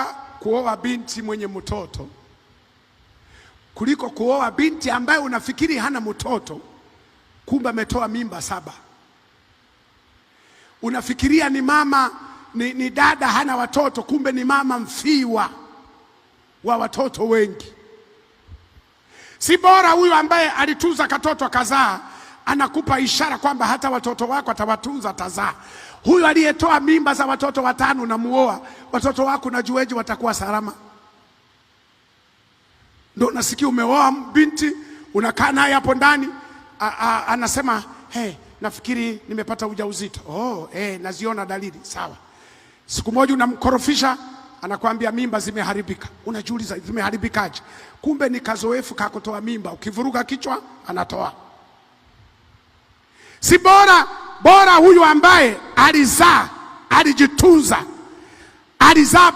bora kuoa binti mwenye mtoto kuliko kuoa binti ambaye unafikiri hana mtoto, kumbe ametoa mimba saba. Unafikiria ni mama ni, ni dada hana watoto, kumbe ni mama mfiwa wa watoto wengi. Si bora huyu ambaye alitunza katoto akazaa, anakupa ishara kwamba hata watoto wako atawatunza, atazaa huyu aliyetoa mimba za watoto watano namuoa, watoto wako najueje watakuwa salama? Ndio nasikia umeoa binti, unakaa naye hapo ndani, anasema hey, nafikiri nimepata ujauzito. Oh, hey, eh, naziona dalili. Sawa, siku moja unamkorofisha anakwambia mimba zimeharibika. Unajiuliza zimeharibikaje? Kumbe ni kazoefu ka kutoa mimba, ukivuruga kichwa anatoa. Si bora bora huyu ambaye alizaa, alijitunza, alizaa